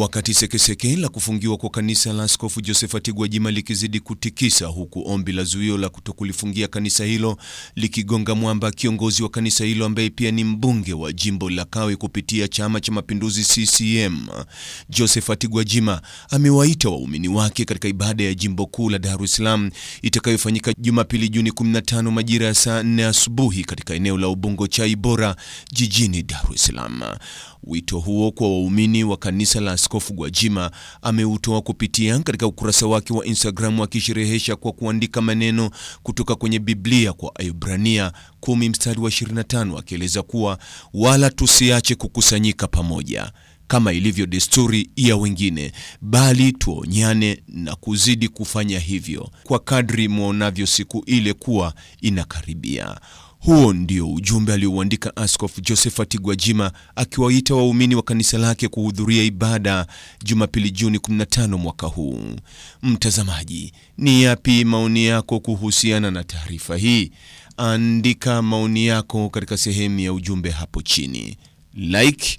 Wakati sekeseke la kufungiwa kwa kanisa la Askofu Josephat Gwajima likizidi kutikisa, huku ombi la zuio la kutokulifungia kanisa hilo likigonga mwamba, kiongozi wa kanisa hilo ambaye pia ni mbunge wa jimbo la Kawe kupitia Chama cha Mapinduzi CCM, Josephat Gwajima amewaita waumini wake katika ibada ya jimbo kuu la Dar es Salaam itakayofanyika Jumapili Juni 15 majira ya saa 4 asubuhi katika eneo la Ubungo Chai Bora jijini Dar es Salaam. Wito huo kwa waumini wa kanisa la Askofu Gwajima ameutoa kupitia katika ukurasa wake wa Instagram akisherehesha kwa kuandika maneno kutoka kwenye Biblia kwa Ibrania 10 mstari wa 25 akieleza kuwa wala tusiache kukusanyika pamoja kama ilivyo desturi ya wengine, bali tuonyane na kuzidi kufanya hivyo kwa kadri mwonavyo siku ile kuwa inakaribia. Huo ndio ujumbe aliouandika Askofu Josephat Gwajima akiwaita waumini wa kanisa lake kuhudhuria ibada Jumapili Juni 15 mwaka huu. Mtazamaji, ni yapi maoni yako kuhusiana na taarifa hii? Andika maoni yako katika sehemu ya ujumbe hapo chini. Like,